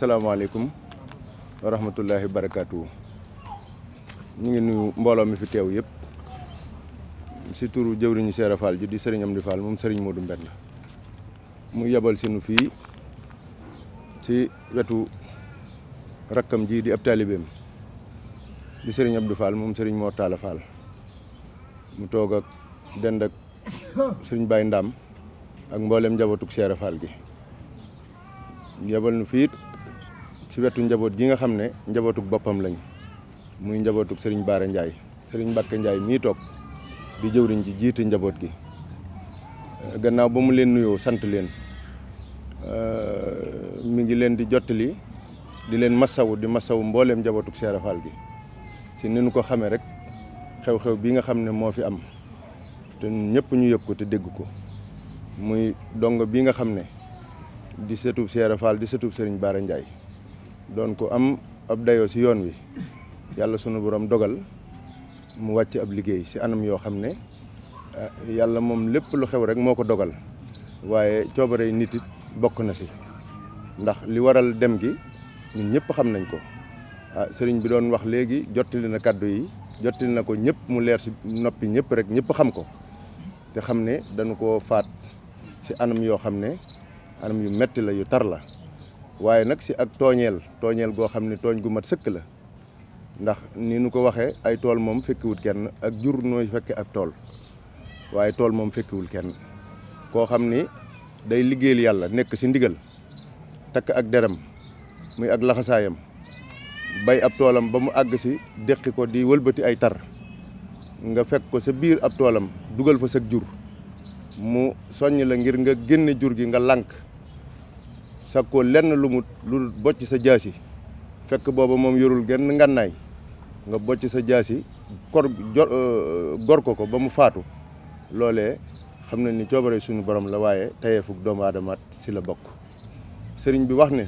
asalaamaaleykum wa rahmatullahi barakaatu ñu ngi nuyu mbooloo mi fi teew yëpp si turu jëwriñu Seera Fall ji di sëriñam Amdi moom Serigne Modou Mbend mu yebal sinu fii si wetu rakkam ji di ab taalibeem moom sëriñ Mor Talla Fall mu toog ak dend ak bay Baye Ndam ak mboolem njabootug Seera Fall gi yebal nu fii ci wetu njaboot gi nga xam ne njabootuk boppam lañ muy njabootuk Serigne Bara Ndiaye Serigne Mbacke Ndiaye mii toog di jëwriñ ji jiite njaboot gi euh, gannaaw ba mu leen nuyoo sant leen euh, mu ngi leen di jottali di leen masawu di masawu mbooleem njabootuk Cheikh Fall gi si ni ko xamee rek xew-xew bi nga xam ne moo fi am te ñëpp ñu yëg ko te dégg ko muy dong bi nga xam ne di setub Cheikh Fall di setub Serigne Bara Ndiaye doon ko am ab dayo si yoon wi yàlla sunu borom dogal mu wàcc ab liggéey si anam yoo xam ne eh, yàlla moom lépp lu xew rek moo ko dogal waaye coobare nit it bokk na si ndax li waral dem gi ñun ñëpp xam nañ ko ah, sëriñ bi doon wax léegi jottali na kàddu yi jottali na ko ñëpp mu leer si noppi ñëpp rek ñëpp xam ko te xam ne dañu ko faat si anam yoo xam ne anam yu metti la yu tar la waaye nag si ak tooñeel tooñeel goo xam ne tooñ gu mat sëkk la ndax ni nu ko waxee ay tool moom fekkiwul kenn ak jur nooy fekke ak tool waaye tool moom fekkiwul kenn koo xam ni day liggéeyal yàlla nekk si ndigal takk ak deram muy ak laxasaayam bay ab toolam ba mu àgg si déqi ko di wëlbati ay tar nga fekk ko sa biir ab toolam dugal fa sag jur mu soññ la ngir nga génn jur gi nga lànk ko lenn lu mu lu bocc sa jaasi fekk booba moom yorul genn ngànnaay nga bocc sa jaasi kor euh, gor ko ko ba mu faatu loolee xam na ni coobare suñu borom la waaye tayeefug doomu aadamaat si la bokk sëriñ bi wax ne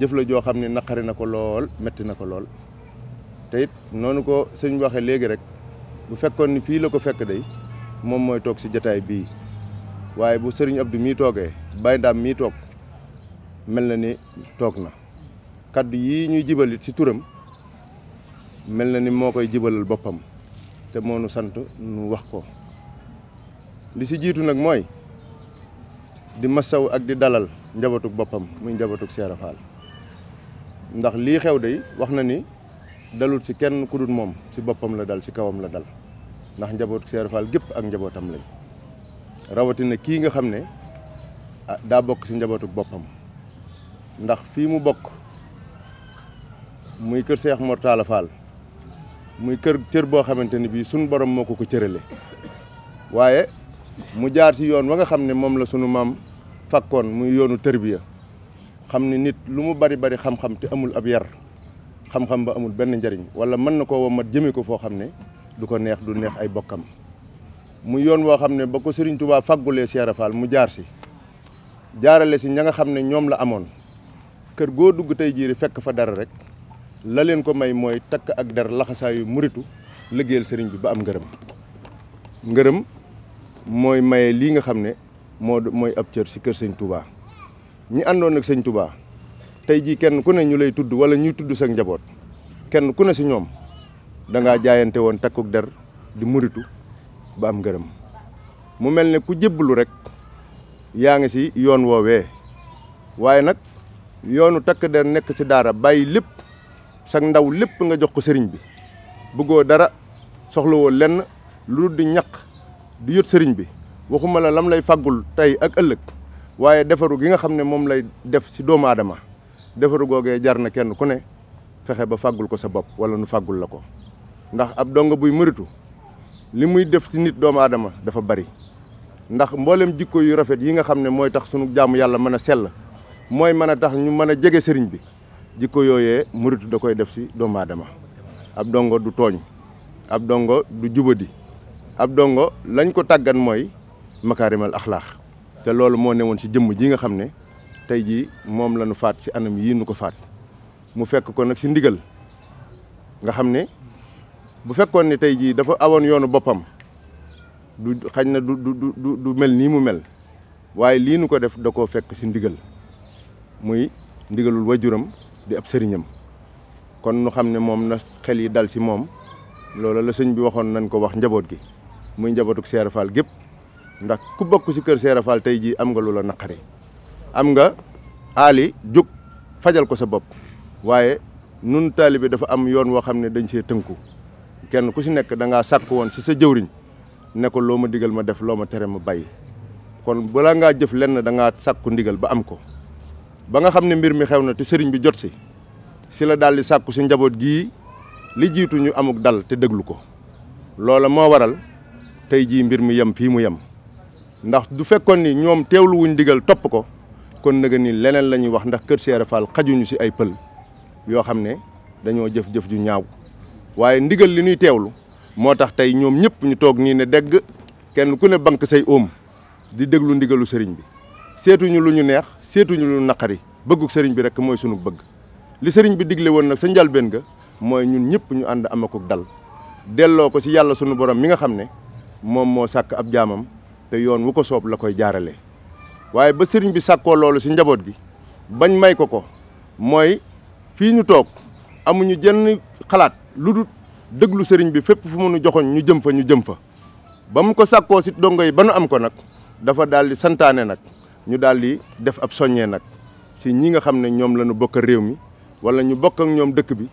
jëf la joo xam ne naqari na ko lool metti na ko lool te noonu ko sëriñ bi waxee léegi rek bu fekkoon ni fii la ko fekk day moom mooy toog si jataay bii waaye bu sëriñ Abdou mii toogee Baye Ndam mii toog mel na ni toog na kaddu yi ñuy jibalit ci turam mel na ni moo koy jibalal boppam te moo nu sant nu wax ko li ci jiitu nag mooy di masaw ak di dalal njabootug boppam muy njabootug Seera Faal ndax lii xew day wax na ni dalul si kenn ku dul moom ci boppam la dal si kawam la dal ndax njabootug Seera Faal gépp ak njabootam lañ rawatina kii nga xam ne ah, daa bokk ci njabootug boppam ndax fii mu bokk muy kër Seex Mor Talla muy kër cër boo xamante ni bii sunu borom moo ko ko cërale waaye mu jaar ci yoon wa nga xam ne moom la sunu maam koon muy yoonu tërbiya xam ne nit lu mu bari bari xam-xam te amul ab yar xam-xam ba amul benn njariñ wala mën na koo womat jëmee ko foo xam ne du ko neex du neex ay bokkam mu yoon woo xam ne ba ko Serigne Touba faggulee Cheikh Fall mu jaar si jaarale si ña nga xam ne ñoom la amoon. kër goo dugg tey jii fekk fa dara rek la leen ko may mooy takk ak der laxasaayu muritu liggéeyal sëriñ bi ba am ngërëm ngërëm mooy maye lii nga xam ne moo mooy ab cër si kër sëñ Touba ñi àndoon ak sëñ Touba tey jii kenn ku ne ñu lay tudd wala ñuy tudd sa njaboot kenn ku ne si ñoom da ngaa jaayante woon takkuk der di muritu ba am ngërëm mu mel ne ku jébbalu rek yaa ngi si yoon woowee waaye nag yoonu takk der nekk si daara bàyyi lépp sag ndaw lépp nga jox ko sëriñ bi bëggoo dara soxlawoo lenn lu di ñaq di yot sëriñ bi waxuma la lam lay faggul tey ak ëllëg waaye defaru gi nga xam ne moom lay def si doomu aadama defaru googee jar na kenn ku ne fexe ba faggul ko sa bopp wala nu faggul la ko ndax ab donga buy mëritu li muy def si nit doomu aadama dafa bari ndax mbooleem jikko yu rafet yi nga xam ne mooy tax sunu jaamu yàlla mën a sell mooy mën a tax ñu mën a jege sëriñ bi jikko yooyee murit da koy def si doomu aadama ab dongo du tooñ ab dongo du jubadi ab dongo lañ ko tàggat mooy makaarimal axlaax te loolu moo ne woon si jëmm ji nga xam ne tey jii moom la ñu faat si anam yii nu ko faat mu fekk ko nag si ndigal nga xam ne bu fekkoon ne tey jii dafa awoon yoonu boppam du xañ na du mel nii mu mel waaye lii nu ko def da ko fekk si ndigal muy ndigalul wajuram di ab sëriñam kon nu xam ne moom na xel yi dal si moom loolu la sëñ bi waxoon nañ ko wax njaboot gi muy njabootuk Seera Fall gépp ndax ku bokk si kër Seera Fall tey jii am nga loola naqari am nga aali jóg fajal ko sa bopp waaye nun taalibe dafa am yoon woo xam ne dañ see tënku kenn ku si nekk da ngaa sàkk woon si sa jëwriñ ne ko loo ma digal ma def loo ma tere ma bàyyi kon balaa ngaa jëf lenn da ngaa sàkku ndigal ba am ko ba nga xam ne mbir mi xew na te sëriñ bi jot si si la daal di sàkku si njaboot gii li jiitu ñu amuk dal te déglu ko loola moo waral tey jii mbir mi yem fii mu yem ndax du fekkoon ni ñoom teewlu wuñ digal topp ko kon nag ni leneen la ñuy wax ndax kër Cheikh Fall xajuñu si ay pël yoo xam ne dañoo jëf-jëf ju ñaaw waaye ndigal li ñuy teewlu moo tax tey ñoom ñëpp ñu toog nii ne dégg kenn ku ne bank say oom di déglu ndigalu sëriñ bi seetuñu lu ñu neex. seetuñu lu naqari bëgguk sëriñ bi rek mooy sunu bëgg li sëriñ bi digle woon nag sa njalbeen ga mooy ñun ñëpp ñu ànd amakuk dal delloo ko si yàlla sunu borom mi nga xam ne moom moo sàkk ab jaamam te yoon wu ko soob la koy jaarale waaye ba sëriñ bi sàkkoo loolu ci njaboot gi bañ may ko ko mooy fii ñu toog amuñu jenn xalaat lu dul dëglu sëriñ bi fépp fu mënu joxoñ ñu jëm fa ñu jëm fa ba mu ko sàkkoo si dongo yi ba nu am ko nag dafa daal santaane nag ñu daal di def ab soññee nag si ñi nga xam ne ñoom la ñu bokk réew mi wala ñu bokk ak ñoom dëkk bi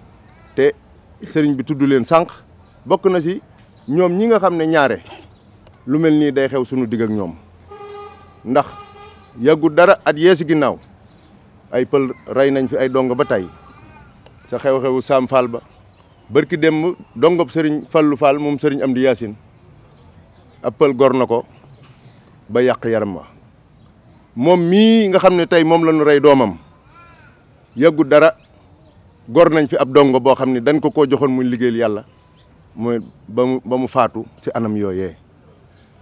te sëriñ bi tudd leen sànq bokk na si ñoom ñi nga xam ne ñaare lu mel nii day xew sunu digg ak ñoom ndax yàggu dara at yee ginnaaw ay pël rey nañ fi ay dong ba tey sa xew-xewu Saam Fall ba bërki démb dongob sëriñ Fallu Fall moom sëriñ Amdi Yaasin ab pël gor na ko ba yàq yaram wa moom mii nga xam ne tey moom la ñu rey doomam yàggu dara gor nañ fi ab dongo boo xam ne dañ ko ko joxoon muy liggéeyal yàlla mooy ba mu faatu si anam yooye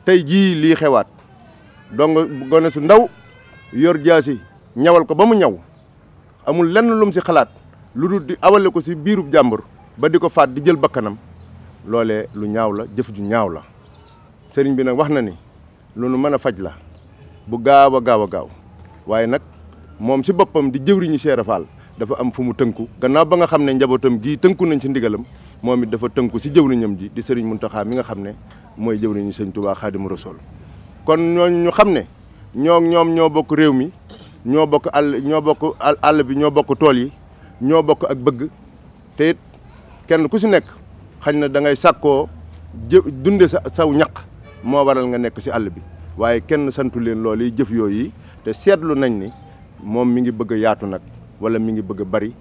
tey jii lii xewaat dongo gone su ndaw yor jaasi ñawal ko ba mu ñaw amul lenn lum si xalaat lu dul di awale ko si biiru jàmbur ba di ko faat di jël bakkanam loole lu ñaaw la jëf ju ñaaw la sëriñ bi nag wax na ni lu nu mën a faj la bu gaaw a gaaw a gaaw waaye nag moom si boppam di jëwriñu Cheikh Fall dafa am fu mu tënku gannaaw ba nga xam ne njabootam gii tënku nañ si ndigalam moom it dafa tënku si jëwriñam ji di sëriñ Mountakha mi nga xam ne mooy jëwriñu sëñ Touba Xaadimu Rasuul kon ñooñu ñu xam ne ñoo ñoom ñoo bokk réew mi ñoo bokk àll ñoo bokk àll bi ñoo bokk tool yi ñoo bokk ak bëgg te kenn ku si nekk xañ na da ngay sàkkoo jë dunde sa saw ñaq moo waral nga nekk si àll bi waaye kenn santu leen loolu yi jëf yooyu te seetlu nañ ni moom mi ngi bëgg a yaatu nag wala mi ngi bëgg bari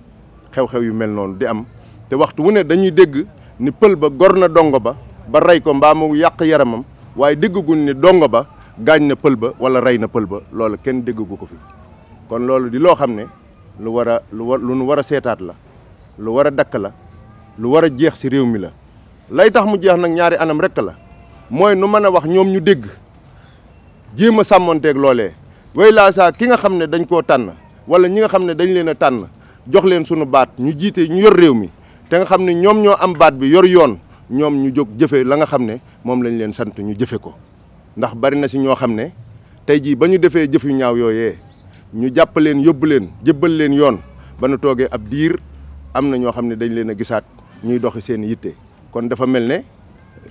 xew-xew yu mel noonu di am te waxtu wu ne dañuy dégg ni pël ba gor na dongo ba ba rey ko mbaa mu yàq yaramam waaye déggaguñ ni dongo ba gaañ na pël ba wala rey na pël ba loolu kenn déggagu ko fi kon loolu di loo xam ne lu war a lu war nu war a seetaat la lu war a dakk la lu war a jeex ci réew mi la lay tax mu jeex nag ñaari anam rekk la mooy nu mën a wax ñoom ñu dégg jéem a sàmmonteeg loolee way laa saa ki nga xam ne dañ koo tànn wala ñi nga xam ne dañ leen a tànn jox leen suñu baat ñu jiite ñu yor réew mi te nga xam ne ñoom ñoo am baat bi yor yoon ñoom ñu jóg jëfe la nga xam ne moom lañ leen sant ñu jëfe ko ndax bari na si ñoo xam ne tey jii ba ñu defee jëf yu ñaaw yooyee ñu jàpp leen yóbbu leen jébbal leen yoon ba nu toogee ab diir am na ñoo xam ne dañ leen a gisaat ñuy doxi seen yitte kon dafa mel ne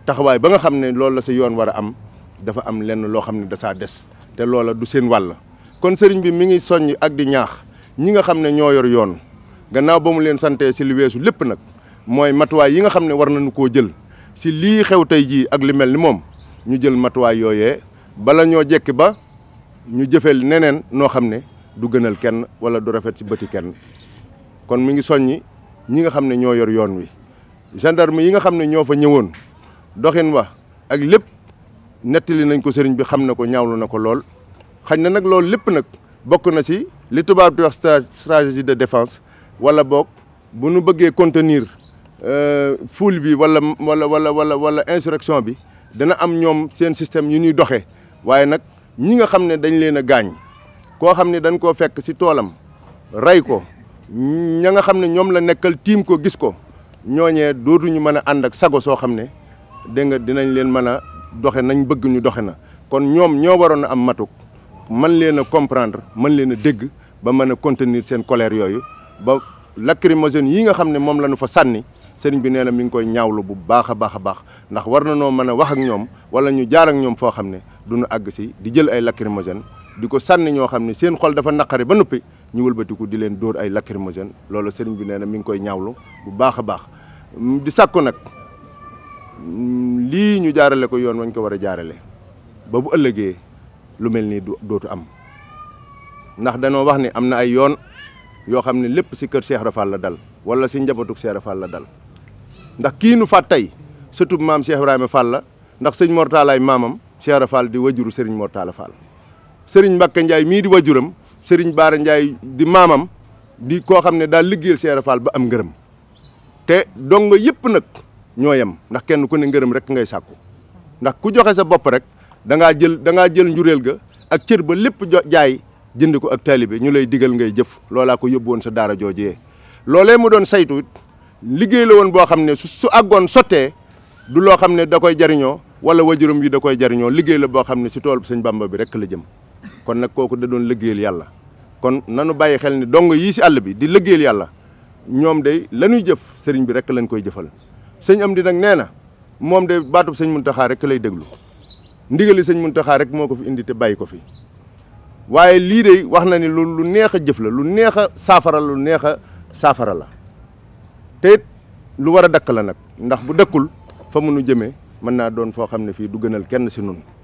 taxawaay ba nga xam ne loolu la sa yoon war a am dafa am lenn loo xam ne dasaa des te loola du seen wàll kon sëriñ bi mi ngi soññ ak di ñaax ñi nga xam ne ñoo yor yoon gannaaw ba mu leen santee si li weesu lépp nag mooy matuwaay yi nga xam ne war nañu koo jël si lii xew tey jii ak li mel ni moom ñu jël matuwaay yooye bala ñoo jekki ba ñu jëfeel neneen noo xam ne du gënal kenn wala du rafet ci bati kenn kon mi ngi soññi ñi nga xam ne ñoo yor yoon wi gendarme yi nga xam ne ñoo fa ñëwoon doxin wa ak lépp nettali nañ ko sëriñ bi xam na ko ñaawlu na ko lool xañ na nag loolu lépp nag bokk na si li tubaab di stratégie de défence wala boog bu nu bëggee contenir euh, foule bi wala wala wala wala wala insurrection bi dana am ñoom seen système yu ñuy doxee waaye nag ñi nga xam ne dañ leen a gaañ koo xam ne dañ koo fekk si toolam rey ko ña nga xam ne ñoom la nekkal tiim ko gis ko ñooñee dootuñu mën a ànd ak sago soo xam ne dégg nga dinañ leen mën a doxe nañ bëgg ñu doxe na kon ñoom ñoo waroon a am matuk man leen a comprendre mën leen a dégg ba mën a contenir seen colère yooyu ba lacrymogène yii nga xam ne moom la ñu fa sànni sëriñ bi nee na mi ngi koy ñaawlu bu baax a baax a baax ndax war na noo mën a wax ak ñoom wala ñu jaar ak ñoom foo xam ne du nu àgg si di jël ay lacrymogène di ko sànni ñoo xam ne seen xol dafa naqari ba noppi ñu wëlbatiku di leen dóor ay lacrymogène loolu sëriñ bi nee na mi ngi koy ñaawlu bu baax a baax di sàkku nag Mm, lii ñu jaarale ko yoon wañ ko war a jaarale ba bu ëllëgee lu mel nii dootu am ndax danoo wax ni am na ay yoon yoo xam ne lépp si kër Cheikh Rafal la dal wala si njabootu Cheikh Rafal la dal ndax kii nu fàtt tey surtout maam Cheikh Ibrahima Fall la ndax sëñ Mortalaay maamam Cheikh Rafal di wajuru Serigne Mortala Fall Serigne Mbacke njaay mii di wajuram Serigne Baara Ndiaye di maamam di koo xam ne daal liggéeyal Cheikh Rafal ba am ngërëm te dong yëpp nag. ñoo yem ndax kenn ku ne ngërëm rek ngay sàkku ndax ku joxe sa bopp rek da jël da ngaa jël njureel ga ak cër ba lépp jaay jënd ko ak taalibe ñu lay digal ngay jëf loolaa ko yóbbu sa daara joojee loolee mu doon saytu liggéey la woon boo xam ne su su àggoon sottee du loo xam ne da koy jariñoo wala wajurum yi da koy jariñoo liggéey la boo xam ne si tool bi sëñ Bàmba bi rek la jëm kon nag kooku da doon liggéeyal yàlla kon nanu bàyyi xel ne dong yii si àll bi di liggéeyal yàlla ñoom day lañuy jëf sëriñ bi rek lañ koy jëfal sëñ am di nag nee na moom de baatub sëñ Muntaxa rek lay déglu ndigali sëñ Muntaxa rek moo ko fi indi te bàyyi ko fi waaye lii de wax na ni lu lu neex a jëf la lu neex a saafara lu neex a saafara la te lu war a dakk la nag ndax bu dëkkul fa mu jëme mën naa doon foo xam ne fii du gënal kenn si nun